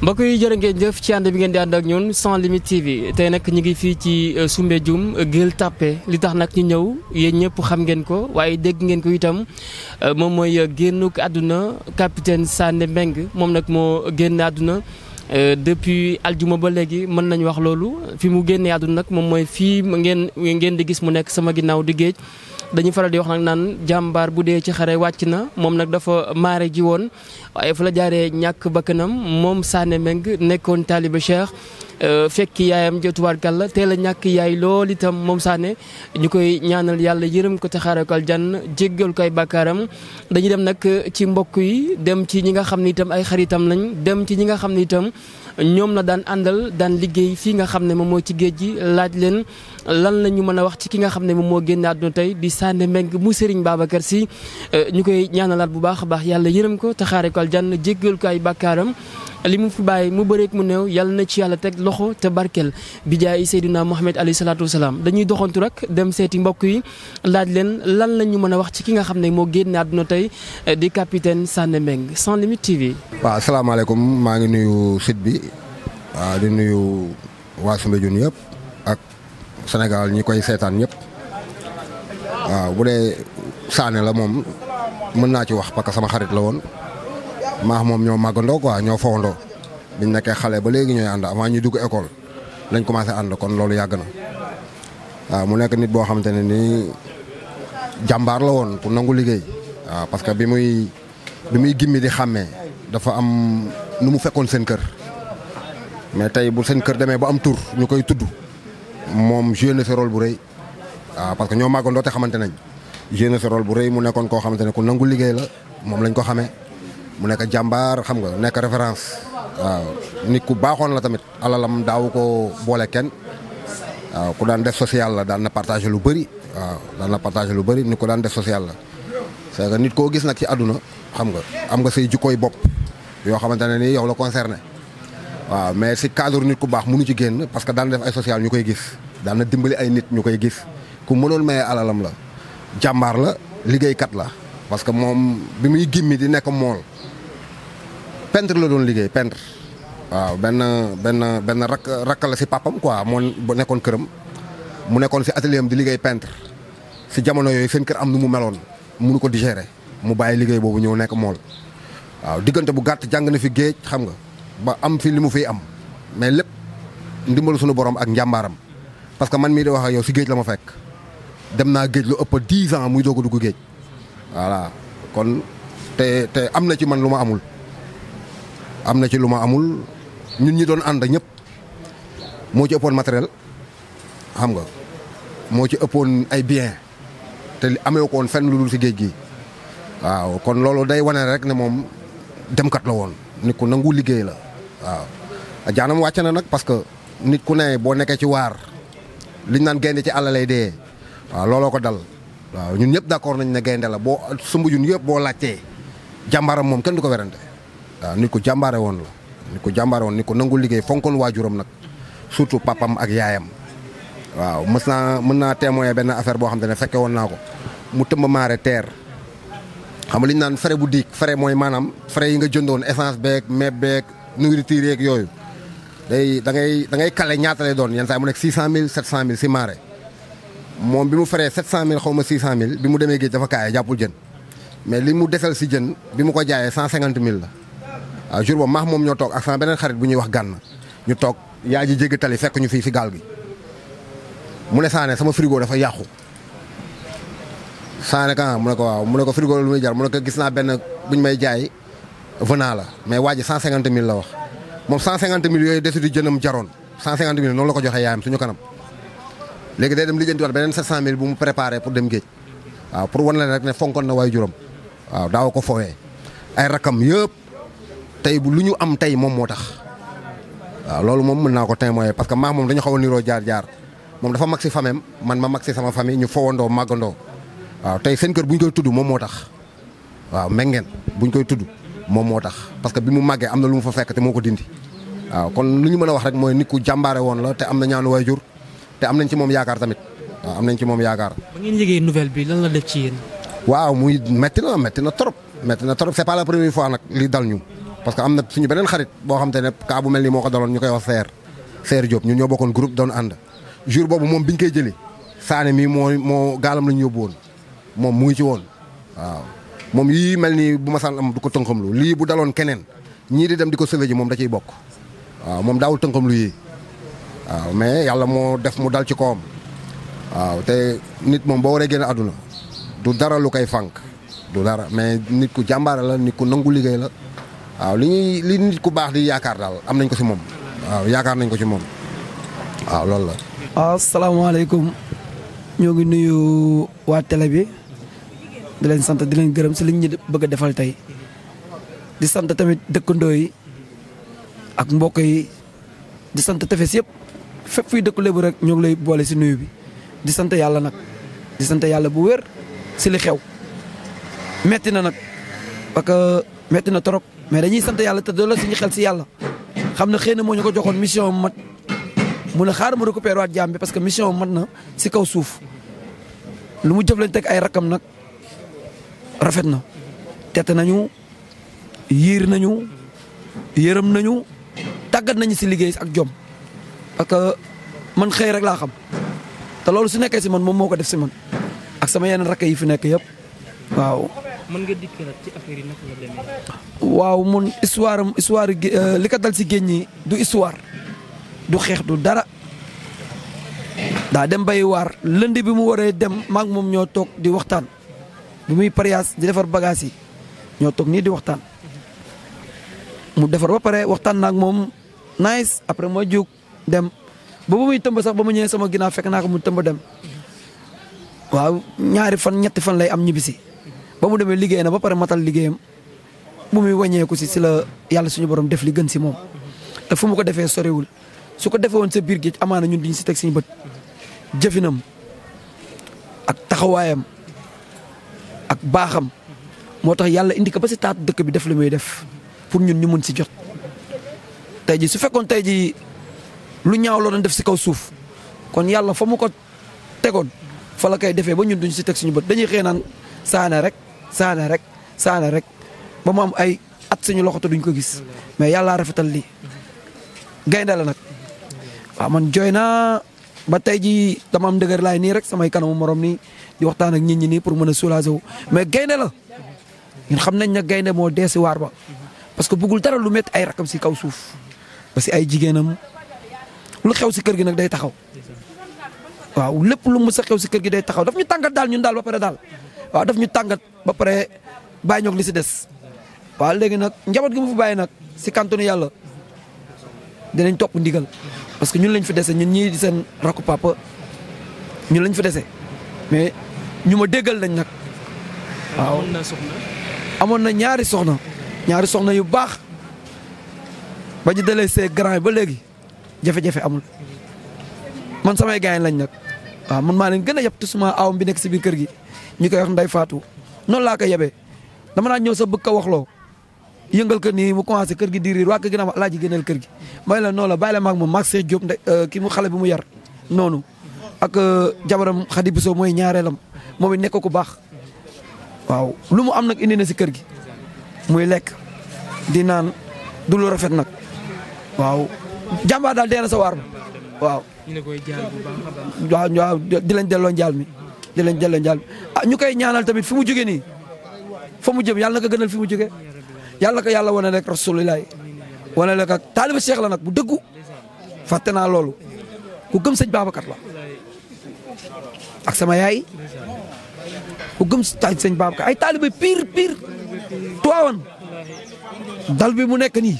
mbokk yi jërë ngeen jëf ci ànd bi ngeen di ànd ak ñun sans limite TV tey nag ñu ngi fii ci euh, Soumbédioune Gueule Tapée li tax nag ci ñëw yéen ñëpp xam ngeen ko waaye dégg ngeen ko itam euh, moom mooy euh, génnuk àdduna capitaine Sané Mbengue moom nag moo génn àdduna depuis aljuma ba léegi mën nañu wax loolu fi mu génnee àdduna nag moom mooy fii ngeen ngeen di gis mu nekk sama ginnaaw di géej dañu faral di wax nag naan jàmbaar bu dee ci xare wàcc na moom nag dafa maare ji woon waaye fu la jaaree ñàkk bakkanam moom Sané Meng nekkoon taaliba Cheikh euh, fekk yaayam jotuwaat kàlla la a ñàkk yaay lool itam moom sànne ñu koy ñaanal yàlla yërëm ko te xaare ko aljanna jéggal ko ay bàkkaaram dañuy dem nag ci mbokk yi dem ci ñi nga xam ni itam ay xaritam lañ dem ci ñi nga xam ni itam ñoom na daan àndal daan liggéey fii nga xam ne moom mooy ci géej gi laaj leen lan la ñu mën a wax ci ki nga xam ne moom moo génn àdduna tey di Sané Mbengue mu Serigne Babacar si euh, ñu koy ñaanalaat bu baax a baax yàlla yërëm ko taxaare ko aljanna jéggal ko ay bàkkaaram li mu fi bàyyi mu bëreek mu néew yàlla na ci yàlla teg loxo te barkeel bi jaay Seydina Mohamed alayhi salaatu wasalaam dañuy doxantu rek dem seeti mbokk yi laaj leen lan la ñu mën a wax ci ki nga xam ne moo génn àdduna tey eh, di capitaine Sané Mbengue Sans waa TV. waaw maa ngi nuyu site bi waaw di nuyu waa Soumbédioune yëpp ak Sénégal ñi koy seetaan ñëpp waaw bu dee Sané la moom mën naa ci wax parce sama xarit la woon. maax moom ñoo màggandoo quoi ñoo fowandoo biñ nekkee xale ba léegi ñooy ànd avant ñuy dugg école lañ commencé ànd kon loolu yàgg na waaw mu nekk nit boo xamante ne nii jàmbaar la woon pour nangu liggéey waaw parce que bi muy bi muy gimmi di xàmmee dafa am nu mu fekkoon seen kër mais tey bu seen kër demee ba am tur ñu koy tudd moom joué na sa rôle bu rëy waaw parce que ñoo màggandoo te xamante nañ joué na bu rëy mu nekkoon koo xamante ne ku nangu liggéey la moom lañ ko xamee mu nekk jàmbaar xam nga nekk référence waaw nit ku baaxoon la tamit alalam daawu ko boole kenn waaw ku daan def social la daan na partagé lu bëri waaw daan na partagé lu bari nit ku daan def social la c'est nit koo gis nag ci àdduna xam nga xam nga say jikkooy bopp yoo xamante ne nii yow la concerné waaw mais si cadre nit ku baax mënu ci génn parce que daan def ay social ñu koy gis daan na dimbali ay nit ñu koy gis ku mënoon maye alalam la jàmbaar la liggéeykat la parce que moom bi muy gimmi di nekk mool peintre la doon liggéey peintre waaw benn benn benn rak rakk la si papam quoi moom bu nekkoon këram mu nekkoon si atelier di liggéey pentre si jamono yooyu seen kër am nu mu meloon munu ko digérer mu bàyyi liggéey boobu ñëw nekk mool waaw diggante bu gàtt jàng na fi géej xam nga ba am fi li mu fiy am mais lépp ndimbalu suñu borom ak njàmbaaram parce que man mii di wax a yow si géej la ma fekk dem naa géej lu ëpp dix ans muy doog ko dugg géej voilà kon te te am na ci man lu ma amul. am na ci lu ma amul ñun ñi doon ànd ñëpp moo ci ëppoon matériel xam nga moo ci ëppoon ay bien te amee ko woon fenn lu dul si géej gi waaw kon loolu day wane rek ne moom demkat la woon nit ku nangu liggéey la waaw. jaanam wàcc na nag parce que nit ku ne boo nekkee ci waar liñ naan gaynde ci àll lay waaw looloo ko dal waaw ñun ñëpp d'accord nañ ne gaynde la boo sumbu jun yëpp boo laajtee jàmbaaram moom kenn du ko werante waaw nit ku jàmbaare woon la nit ku jàmbaare woon nit nangu liggéey fonkoon waajuram nag surtout papam ak yaayam waaw mës naa mën naa témoigner benn affaire boo xam te ne fekke woon naa ko mu tëmb maare teer xam nga li ñu naan frais bu diig mooy maanaam frais i nga jëndoon essence beeg meeb beeg nourriture yeeg yooyu day da ngay da ngay kale ñaata lay doon yenn saa mu nekk 600000 700000 si maare moom bi mu feree 700000 xaw ma bi mu demee géej dafa kaay jàppul jën mais li mu desal si jën bi mu ko jaayee 150000 la. waaw jour boobu maax moom ñoo toog ak sama beneen xarit bu ñuy wax gànn ñu toog yaa ji jéggi tali fekk ñu fii si gaal gi mu ne saane sama frigo dafa yàqu saane kan mu ne ko waaw mu ne ko frigo lu muy jar mu ne ko gis naa benn buñ may jaay venant la mais waa ji cent mille la wax moom cent cinquante mille yooyu desu di jënam jaroon cent cinquante mille noonu la ko joxee yaayam suñu kanam léegi day dem lijjantiwaat beneen sept cent mille bu mu préparé pour dem géej waaw pour wan la rek ne fonkoon na waaye juróom waaw daaw ko fowee ay rakam yëpp tey bu lu ñu am tey moom moo tax waaw loolu moom mën naa ko témoigner parce que maa moom dañu xaw a niroo jaar jaar moom dafa mag si famem man ma mag si sama famille ñu fowandoo màggandoo waaw tey seen kër bu ñu koy tudd moom moo tax waaw mengeen bu ñu koy tudd moom moo tax parce que bi mu màggee am na lu mu fa fekk te moo ko dindi waaw kon lu ñu mën a wax rek mooy nit ku jàmbaare woon la te am na ñaanu waajur te am nañ ci moom yaakaar tamit am nañ ci moom yaakaar. ba ngeen yëgee la def ci yéen. waaw muy metti na na trop metti na trop c'est pas la nag li dal ñu. parce que am na suñu beneen xarit boo xam ne kaa bu mel ni moo ko daloon ñu koy wax seer seer Diop ñun ñoo bokkoon groupe doon ànd jour boobu moom ñu koy jëli saane mii moo moo gaalam la ñu yóbbu woon moom mu ngi ci woon waaw moom yii mel nii bu ma saan am du ko tënkamlu lii bu daloon keneen ñii di dem di ko sauvé ji moom da ciy bokk waaw moom daawul tënkamlu yi waaw mais yàlla moo def mu dal ci kawam waaw te nit moom boo waree génn àdduna du dara lu koy fànk du dara mais nit ku jàmbaare la nit ku nangu liggéey la waaw li ñuy li nit ku baax di yaakaar daal am nañ ko si moom waaw yaakaar nañ ko ci moom waaw loolu la. waaw ah, salaamaaleykum ñoo ngi nuyu waa tele bi di leen sant di leen gërëm si liñ ñu bëgg a defal tey di sant tamit dëkkandoo yi ak mbokk yi di sant tefes yëpp fépp fuy dëkkule Lebu rek ñoo ngi lay boole si nuyu bi di sant yàlla nag di sant yàlla bu wér si li xew metti na nag parce que metti na torop mais dañuy sant yàlla te doole suñu xel si yàlla xam na xëy na moo ñu ko joxoon mission mat mu a xaar mu récupéré waat jaam bi parce que mission mat na si kaw suuf lu mu jëflante ak ay rakam nag rafet na tete nañu yiir nañu yërëm nañu tàggat nañu si liggéey ak jom parce que man xëy rek laa xam te loolu si nekkee si man moom moo ko def si man ak sama yeneen rakk yi fi nekk yëpp waaw. mën nga dikkalaat ci affaire yi naka la demee. waaw mun histoire am histoire euh, li ko dal si géej ñi du histoire du xeex du dara daa dem bay waar lënd bi mu waree dem maak moom ñoo toog di waxtaan bi muy pariyaas di defar bagage yi ñoo toog nii di waxtaan mu defar ba pare waxtaan naak moom nice après moo jóg dem ba ba muy tëmb sax ba mu ñëwee sama ginaa fekk naa ko mu tëmb dem waaw ñaari fan ñetti fan lay am ñibbisi ba mu demee liggéey na ba pare matal liggéeyam bu muy wàññeeku si si la yàlla suñu borom def li gën si moom te fu mu ko defee sorewul su ko defee sa biir géej amaana ñun duñ si teg suñu bët ak taxawaayam ak baaxam moo tax yàlla indi ko ba si dëkk bi def li muy def pour ñun ñu mun si jot tey ji su fekkoon tey ji lu ñaaw loo def si kaw suuf kon yàlla fa mu ko tegoon fa koy defee ba ñun duñ si teg suñu bët dañuy xëy naan saane rek saala rek saala rek ba mu am ay at suñu loxo te duñ ko gis mais yàlla rafetal lii gaynde la nag waaw man jooy naa ba tey jii dama am dëgër laay nii rek samay kanamu morom nii di waxtaan ak nit ñi nii pour mën a soulager wu mais gaynde la ñun xam nañ ne gaynde moo dee si waar ba parce que bëggul dara lu métti ay rakam si kaw suuf ba si ay jigéenam lu xew si kër gi nag day taxaw waaw lu mu sa xew si kër gi day taxaw daf ñu tàngat daal ñun daal ba pare daal waaw daf ñu tàngat ba pare bàyyi ñoog li si des waaw léegi nag njaboot gi mu fi bàyyi nag si kantanu yàlla dinañ topp ndigal parce que ñun lañ fi dese ñun ñii di seen rakku papa ñun lañ fi dese mais ñu ma déggal lañ nag waaw na ñaari soxna ñaari soxna yu baax ba ñu dalee see grand yi ba léegi jafe-jafe amul man samay gaañ lañ nag waaw man maa leen gën a yab te suma aawam bi nekk si biir kër gi ñu ko wax Ndeye Fatou noonu laa ko yebee dama naa ñëw sa bëgg ko waxloo yëngal ko nii mu commencé kër gi di riir waa kër gi naa ma alaaji génneel kër gi may la noonu la bàyyi euh, mu xale bi mu yar noonu ak euh, jabaram Khady Bissou mooy ñaareelam moom it nekk ku baax waaw lu mu am nag indi na si kër gi muy lekk di naan du rafet nag waaw jàmbaar daal dee na sa waar ma waaw waaw di delloo njaal mi jëleen jëleen jàll ah ñu koy ñaanal tamit fi mu jóge nii fa mu jëm yàlla na ko gënal fi mu jóge yàlla ko yàlla wane rek rasulilaay wane la ak taaliba Cheikh la nag bu dëggu fàtte naa loolu ku gëm sëñ Babacar la ak sama yaay ku gëm sëñ Babacar ay taaliba pire pire tuwaawan dal bi mu nekk nii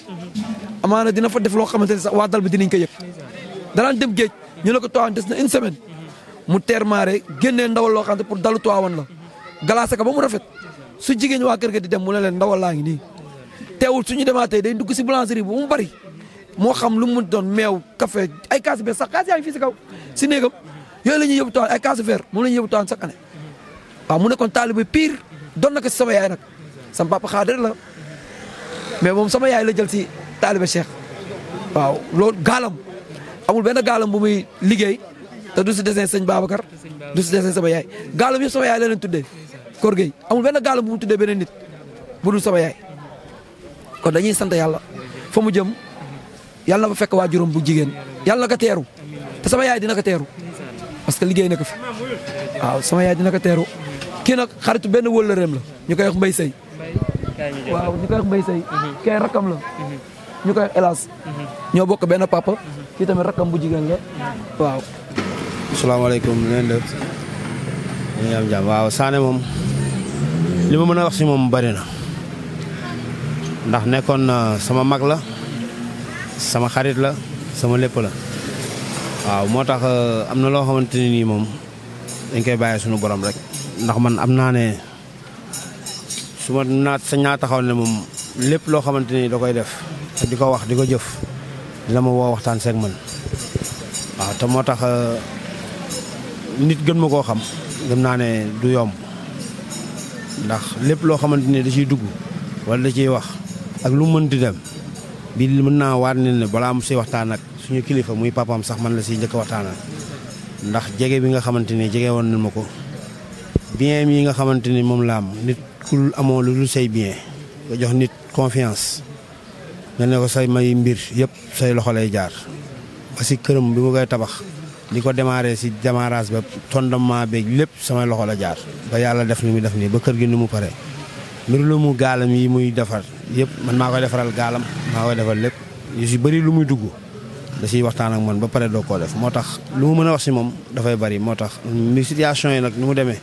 amaana dina fa def loo xamante ne sax waa dal bi dinañ ko yëg danaan dem géej ñu ne ko tuwaawan des na une semaine mu teer maare génnee ndawal loo xam ne pour dalu tuwaawan la galaase ka ba mu rafet su jigéen waa kër ga di dem mu ne leen ndawal laa ngi nii teewul suñu demaatee day dugg si boulangerie bu mu bari moo xam lu mu doon meew café ay kaas beer sax kaas yaa ngi si kaw si néegam yooyu la ñuy yóbbu tuwaan ay kaas vert moom la ñuy yóbbu sa chaque année waaw mu nekkoon taalibe pire doon na ko si sama yaay nag sama papa la mais moom sama yaay la jël si taalibe cheikh waaw loolu gaalam amul benn gaalam bu muy liggéey te du si desin sëñ Babacar du si desin sama yaay gaalam yëpp sama yaay la leen tuddee Kor Gueye amul benn gaalam bu mu tuddee beneen nit bu dul sama yaay kon dañuy sant yàlla fo mu jëm yàlla na fa fekk waajuram bu jigéen yàlla na ko teeru te sama yaay dina ko teeru parce que liggéey na ko fi waaw sama yaay dina ko teeru kii nag xaritu benn wëllëreem la ñu koy wax mbay Seye waaw ñu koy la ñu koy wax Elas ñoo bokk benn papa kii tamit rakam bu jigéen salaamaaleykum leen def dañuy waaw Sané moom li ma mën a wax si moom bari na ndax nekkoon na sama mag la sama xarit la sama lépp la waaw moo tax euh, am na loo xamante ne nii moom dañ koy bàyyi sunu borom rek ndax man am naa ne su ma naat sa ñaa taxaw ne moom lépp loo xamante ni da koy def di ko wax di ko jëf dina ma woo waxtaan seeg man waaw te moo tax euh, nit gën ma koo xam gëm naa ne du yomb ndax lépp loo xamante ne da ciy dugg wala da ciy wax ak lu mënti dem bi mën naa waat ne ne balaa mu si waxtaan ak suñu kilifa muy papaam sax man la si njëkk waxtaanal ndax jege bi nga xamante ni jege woon na ma ko bien yi nga xamante ni moom la am nit ku amoo lu dul say bien nga jox nit confiance nga ne ko say may mbir yëpp say loxo lay jaar ba si këram bi mu koy tabax di ko démarré si démarrage ba fondement beeg lépp samay loxo la jaar ba yàlla def ni mu def nii ba kër gi ni mu pare mbir lu mu gaalam yi muy defar yëpp man maa koy defaral gaalam maa koy defal lépp yu si bëri lu muy dugg da siy waxtaan ak man ba pare doo koo def moo tax lu mu mën a wax si moom dafay bari moo tax mi situation yi nag ni mu demee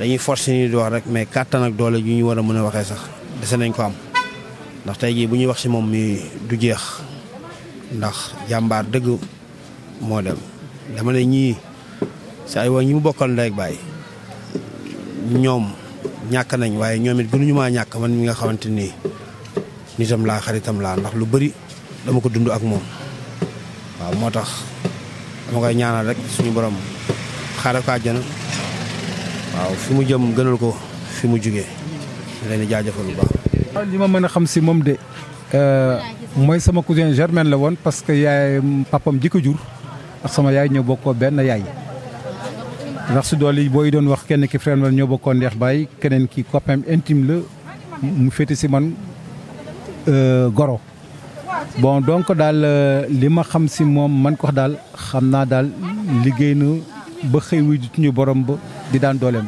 dañuy force ni di wax rek mais kàttan ak doole yu ñu war a mën a waxee sax dese nañ ko am ndax tey jii bu ñuy wax si moom mi du jeex ndax jàmbaar dëgg moo dem dama ne ñii saa yoo ñi mu bokkal ndey baay ñoom ñàkk nañ waaye ñoom it gënuñu maa ñàkk man mi nga xamante nii nitam laa xaritam laa ndax lu bëri dama ko dund ak moom waaw moo tax dama koy ñaanal rek suñu borom xaaral ko àjjana waaw fi mu jëm gënal ko fi mu jugee leen di jaajëfal bu baax. li ma mën a xam si moom de euh, mooy sama cousin Germaine la woon parce que yaay papam ji ko ak sama yaay ñoo bokkoo benn yaay ndax si dool yi booy doon wax kenn ki frère ñoo bokkoon ndeex baay keneen ki copain intime la mu féete si man euh, goro bon donc daal euh, li ma xam si moom man ko daal xam naa daal liggéey na ba xëy wi ñu borom ba di daan dooleem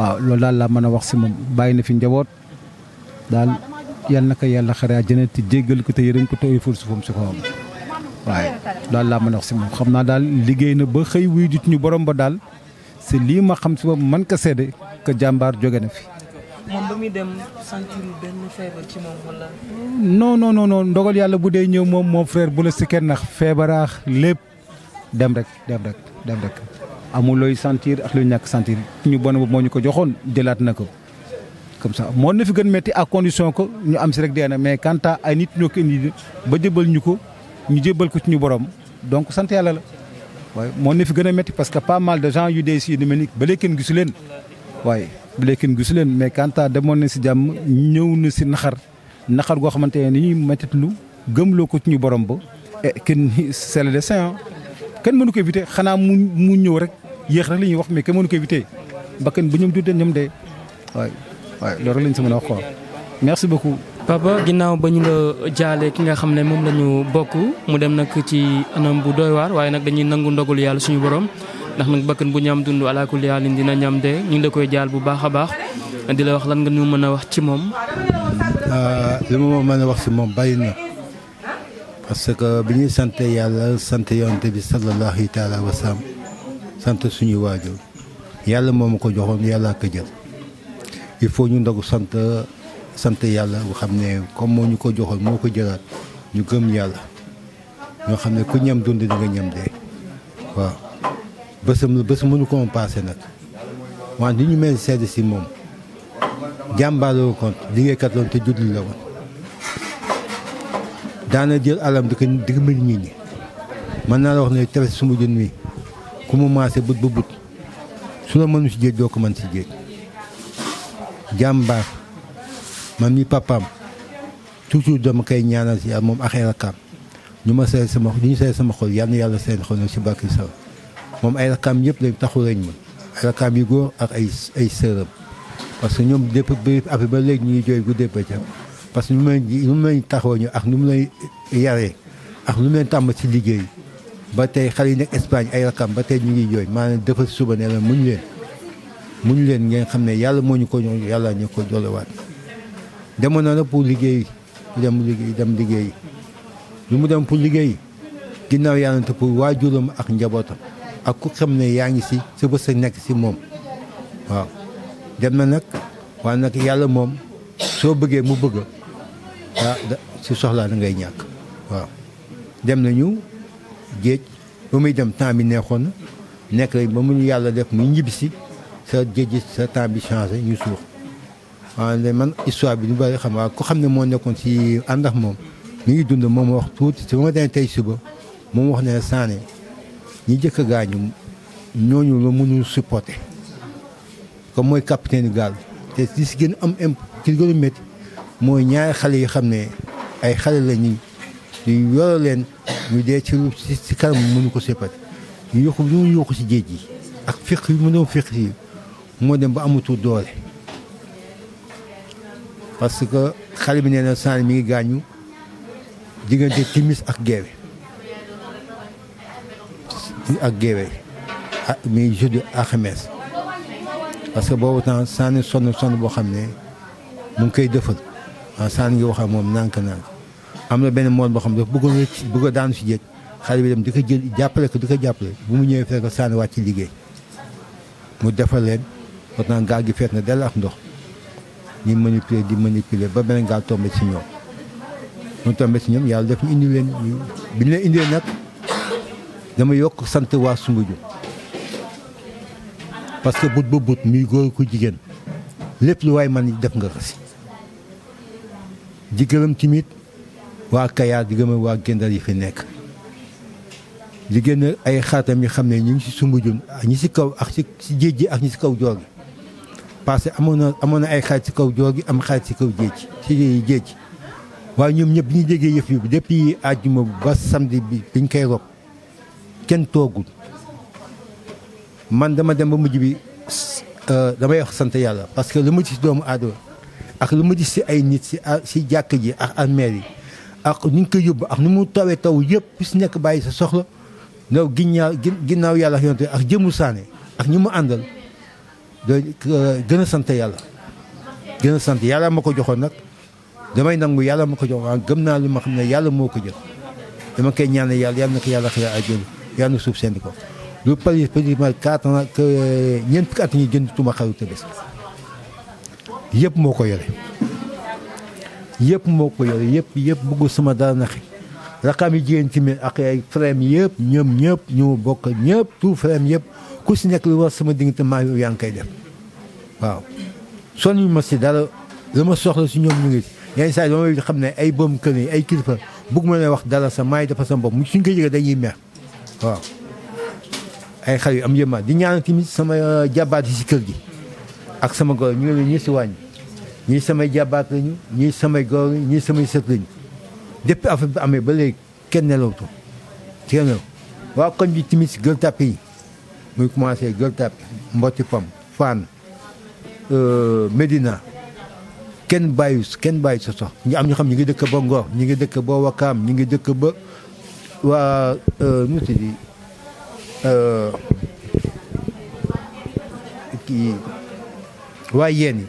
waaw loolu daal laa mën a wax si moom bàyyi na fi njaboot daal yal na ko yàlla a àjjana te jéggal ko te yërëm ko te oyoful suufam si kawam waaye daal laa ma a si moom xam naa daal liggéey na ba xëy wuy jut ñu borom ba daal si lii ma xam si moom man ka seede que jàmbaar jóge na fi. moom ba dem sentir benn feebar ci moom wala. ndogal yàlla bu dee ñëw moom moo frère bu la si kenn nax feebaraax lépp dem rek dem rek dem rek. amul looy sentir ak luy ñàkk sentir ñu bon boobu moo ñu ko joxoon jëlaat na ko comme ça moo na fi gën metti à condition ko ñu am si rek dee na mais quant ay nit ñoo ko indi ba jëbal ñu ko. ñu jébbal ko ci ñu borom donc sant yàlla la waaye moo ne fi gën a métti parce que pas mal de gens yu dee si yu mel ni ba léegi kenn gisu waaye ba kenn gisu mais quant demoon na si jàmm ñëw na si naxar naxar goo xamante ne ni ñuy méttitlu gëmloo ko ci ñu borom ba eh kenn c'est de destin kenn mënu ko éviter xanaa mu mu ñëw rek yéex rek li ñuy wax mais kenn mënu ko éviter ba kenn bu du de ñoom de waaye waaye loolu lañ si mën a wax quoi Papa ginnaaw ba ñu la jaale ki nga xam ne moom la ñu bokk mu dem nag ci anam bu doy waar waaye nag dañuy nangu ndogalu yàlla suñu borom ndax nag bakkan bu ñam dund alaakulli yàlla dina ñam de ñu ngi la koy jaal bu baax a baax di wax lan nga ñu mën a wax ci moom. Ah, li ma mën a wax ci moom bàyyi na parce que bi ñuy sant yàlla sant yonte bi sallallahu taala wa sallam sant suñuy waajur yàlla moom ko joxoon yàlla ko jël il ñu ndogu sant. sant yàlla bu xam ne comme moo ñu ko joxoon moo ko jëlaat ñu gëm yàlla ñoo xam ne ku ñam dund di nga ñam dee waaw bésam bés mënu ko passé nag wante li ñu mel sedd si moom jàmbaar la te julli la woon daana jël alam di ko di ko mbir nit ñi mën naa la wax ne tefes su ma ku mu maase but ba but su la mënu si géej doo ko mën ci géej man mi papaam toujours dama koy ñaanal si moom ak ay rakkaam ñu ma seey sama li ñu seey sama xol yal yàlla seen xol si barke Sall moom ay rakkaam yëpp lañ taxu lañ ma ay rakkaam yi góor ak ay ay sëram parce que ñoom lépp ba ba léegi ñu ngi jooy guddee bëccëg parce que nu mu leen nu mu leen ñu ak nu mu leen yaree ak lu mu leen tàmm ci liggéey ba tey xale yi nekk Espagne ay rakam ba tey ñu ngi jooy maanaam dafa suba ne la muñ leen muñ leen ngeen xam ne yàlla moo ñu ko ñoo yàlla ñu demoon na pour liggéey dem liggéey dem liggéey lu mu dem pour liggéey ginnaaw yàlla te pour waajuram ak njabootam ak ku xam ne yaa ngi si sa bës a nekk si moom waaw dem na nag waaye nag yàlla moom soo bëggee mu bëgg ah si soxlaa da ngay ñàkk waaw dem nañu géej ba muy dem temps bi neexoon nekk lañ ba mu yàlla def muy ñibbisi sa géej sa temps bi ñu suux waaye man histoire bi ñu bëri xam waaye ko xam ne moo nekkoon ci ànd ak moom mu ngi dund moom wax tuuti te ba ma tey suba moom wax ne Sané ñi jëkk a gaañu ñooñu la mënul supporter comme mooy capitaine gaal te li si gën am imp ki gën a mooy ñaari xale yi xam ne ay xale la ñu ñu leen ñu dee ci ci kanam mënu ko supporter ñu yokku lu ñu yokku si géej gi ak fiq yi mu doon fiq yi moo dem ba amatul doole parce que xale bi nee na Sané mi ngi gaañu diggante timis ak geewe ak geewe ah mi jeudi alxames parce que boobu temps Sané sonn sonn boo xam ne mu ngi koy defal ah Sané ngi wax moom nànk nànk am na benn moon boo xam ne dafa bëggoon bëgg a daanu si jéeg xale bi dem di ko jël jàppale ko di ko jàppale bu mu ñëwee fekk Sané wàcc ci liggéey mu defal leen pourtant gaal gi feet na dell ak ndox. ñuy manipuler di manipuler ba beneen gaal tombé ci ñoom mu tombé ci ñoom yàlla def ñu indi leen ñu bi ñu indee nag dama yokk sant waa Soumbédioune parce que but ba but muy góor ku jigéen lépp lu waay man def nga ko si di gërëm timit waa Kayaar di gërëm waa Gendar yi fi nekk di génn ay xaatam yi xam ne ñu ngi si Soumbédioune ñi si kaw ak si géej ji ak ñi si kaw joor gi parce que amoon na amoon na ay xaaj ci kaw joor gi am xaaj ci kaw jéej ci jéej waaye ñoom ñëpp bi ñu déggee yëf yi depuis bu ba samedi bi biñ koy rob kenn toogul man dama dem ba mujj bi euh, damay wax sant yàlla parce que lu ma gis doomu aadama ak lu ma gis si ay nit si si jàkk ji ak armeel yi ak ñu ngi koy yóbbu ak ni mu tawee taw yëpp ku si nekk bàyyi sa soxla ndaw ginnaaw ginnaaw yàlla ak yonte ak jëmu saane ak ñi mu àndal gën a sant yàlla gën a sant yàlla ma ko joxoon nag damay nangu yàlla ma ko joxoon gëm naa li ma xam ne yàlla moo ko jël dama koy ñaan yàlla yàlla na ko yàlla xëy àjjana yàlla suuf seen ko lu pari pratiquement quatre ans que ñeent fukki at ñi jënd tuma xaru Tabaski yëpp moo ko yore yëpp moo ko yore yëpp yëpp bëggu sama dara na xi yi jigéen ci mi ak ay frèm yëpp ñoom ñëpp ñu bokk ñëpp tout frèm yëpp ku si nekk lu war sama diggante maa yow yaa ngi koy def waaw sonn ma si dara la ma soxla si ñoom ñu ngi si yenn saa yi dama xam ne ay boom kër yi ay kilifa bëgg ma ne wax dara sa maay dafa sa bopp mu suñ ko yëgee dañuy mer waaw ay xar yu am yëmmaa di ñaan tamit sama euh, jabaat yi si kër gi ak sama góor ñu ngi leen ñii si wàññi ñii samay jabaat lañu ñuy samay góor ñu samay sët lañu dépp affaire bi amee ba léegi kenn nelawtu kenn nelaw waa koñ muy commencé Gueule Tapée Mboti Pam Fann euh, Médina kenn bàyyi kenn bàyyi sa sox ñu am ñu xam ñu ngi dëkk ba Ngor ñu ngi dëkk ba Wakaam ñu ngi dëkk ba waa euh, nu di euh, kii waa yéen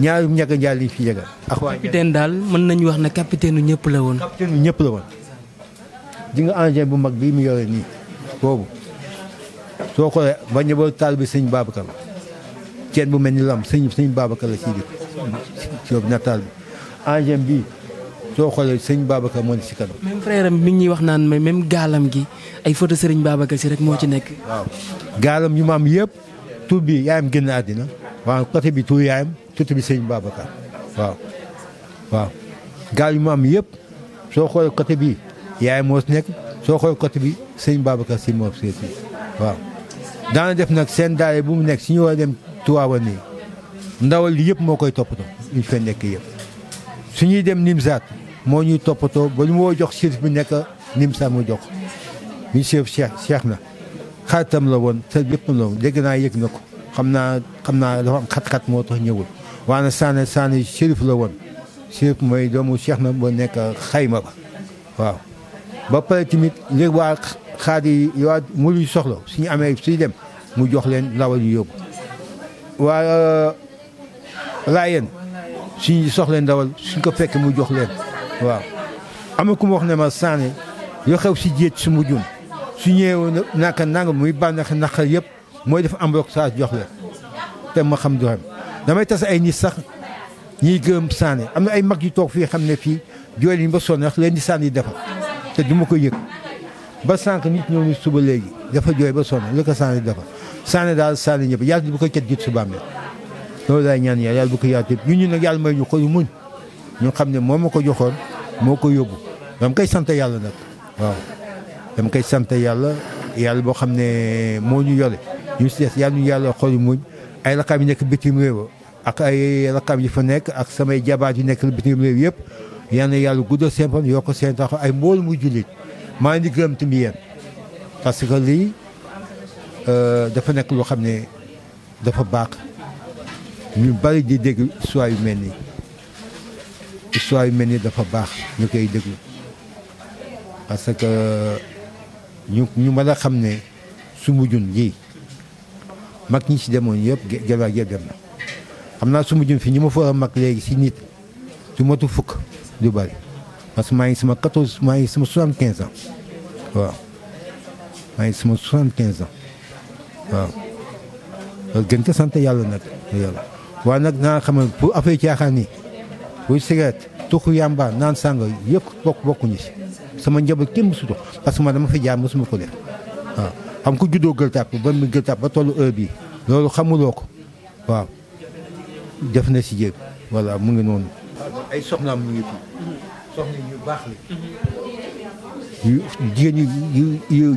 ñaari ñàkk njaal liñ fi yëgal. ak daal mën nañu wax ne capitaine nu ñëpp la woon. capitaine nu bu mag bii mu yore nii boobu. soo xoolee ba ñëw taal bi sëñ Babacar la ceet bu mel ni lam sëñ sëñ Babacar la siy nataal bi engin bii soo xoolee sëñ Babacar moo ne si mi ngi ñuy wax naan mais gaalam gi ay photo sëriñ Babacar moo ci nekk. gaalam yu ma am yëpp bi yaayam génn àddina waaw côté bi tur yaayam tuuti sëñ Babacar yu ma am soo xoolee côté bi yaayam moo si nekk soo xoolee sëñ Babacar si moo si waaw. daana def nag seen daare bu mu nekk si ñu war a dem Tiwaawan nii ndawal li yëpp moo koy toppatoo ñu fee nekk yëpp su ñuy dem Nimzaat moo ñuy toppatoo ba ñu moo jox chérif bi nekk Nimzaat mu jox ñu chérif Cheikh Cheikh na xaritam la woon te yëpp la woon dégg naa yëg na ko xam naa xam naa dafa xat-xat moo tax ñëwul waana saane saane chérif la woon chérif mooy doomu Cheikh na boo nekk xayma ba waaw xaadir yi waa murid soxla suñu amee suy dem mu jox leen ndawal yu yóbbu waa euh, laayeen suñu soxla ndawal suñ ko fekk mu jox leen waaw ama ma wax ne ma saane yoo xew si jéet su mu jum su ñëwee naka nanga muy bànneex naqar yépp mooy def embroxage jox leen te ma xam doxam damay tas ay nit sax ñiy gërëm saane am na ay mag yu toog fii xam ne fii jooy liñ ba sonn wax leen di saan yi defal te du ma ko yëg ba sànq nit ñëw suba léegi dafa jooy ba sonn li ko dafa Sané daal Sané ñëpp yàlla bu ko cet jit su bàmmeel loolu laay ñaan yàlla yàlla bu ko yaatu ñu ñu nag yàlla may ñu muñ ñu xam ne moo ma ko joxoon moo ko yóbbu dama koy sant yàlla nag waaw dama koy sant yàlla yàlla boo xam ne moo ñu yore ñu si des yàlla ñu yàlla xolu muñ ay rakkaam yi nekk bitim réew ak ay rakkaam yu fa nekk ak samay jabaat yi nekk bitim réew yëpp yal yàlla guddal seen fan yoo ko seen taxaw ay mboolu mu jullit maa ngi gërëm tamit yéen parce que lii euh, dafa nekk loo xam ne dafa baax ñu bari di dégg histoire yu mel ni histoire yu mel ni dafa baax ñu koy déglu parce que ñu ñu mën a xam ne su mujjun yii mag ñi ci demoon yëpp jëlaat yëpp dem na xam naa su mujjun fi ñu ma fa mag léegi ci nit su matu fukk du bari ngi Maísima, Maísima 75 ans waaw Maísima 75 ans waaw loolu gën ko sant yàlla nag yàlla waaye nag naa xam ne pour affaire caaxaan yi buy cigarette tuxu yàmba naan sàng yëpp bokk bokkuñu si sama njaboot kenn mësu parce que man dama fi jaar suma ko def waaw xam ku juddoo Gueule Tapée ba mu Gueule Tapée ba tollu heure bii loolu xamuloo ko waaw def na si jéeg voilà mu ngi noonu ay soxnaam mu ngi fi soxna baax la. jigéen yu yu yu ngi nii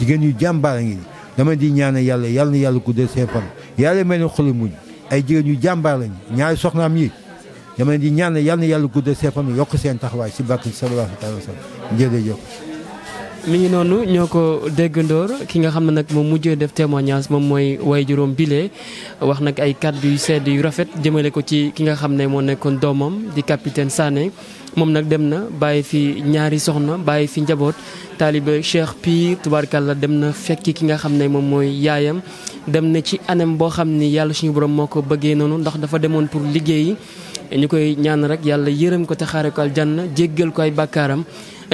jigéen yu jàmbaare ngi nii dama di ñaanal yàlla yàlla na yàlla guddal seen fan yàlla mel ne xolu muñ ay jigéen yu jàmbaar lañu ñaari soxnaam yi dama di ñaanal yàlla yàlla guddal seen fan yokk seen taxawaay si bàkk sallallahu alayhi wa sallam jërëjëf mi ngi noonu ñoo ko déggandoor ki nga xam ne nag moom mujjee def témoignage moom mooy way juróom bile wax nag ay kàddu yu sedd yu rafet jëmale ko ci ki nga xam ne moo nekkoon doomam di capitaine Sané moom nag dem na bàyyi fi ñaari soxna bàyyi fi njaboot taalibe Cheikh Pire tubaarkàlla dem na fekki ki nga xam ne moom mooy yaayam dem na ci anam boo xam ni yàlla suñu borom moo ko bëggee noonu ndax dafa demoon pour liggéeyi ñu koy ñaan rek yàlla yërëm ko te xaare ko aljanna jéggal ko ay bakkaaram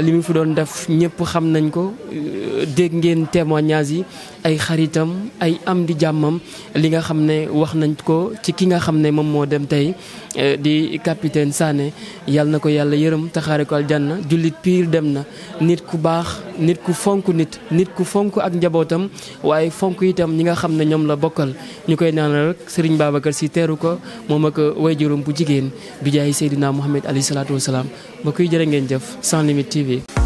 li mu fi doon def ñëpp xam nañ ko euh, dégg ngeen témoignage yi ay xaritam ay am di jàmmam li nga xam ne wax nañ ko ci ki nga xam ne moom moo dem tey euh, di capitaine sànne yàlla na ko yàlla yërëm taxaare ko na jullit piir dem na nit ku baax nit ku fonk nit nit ku fonk ak njabootam waaye fonk itam ñi nga xam ne ñoom la bokkal ñu koy naanal rek Serigne Babacar teeru ko moom ak juróom bu jigéen bi jaay Seydina Mouhamed alayhi salaatu ba yi jërë ngeen jëf sans limite TV.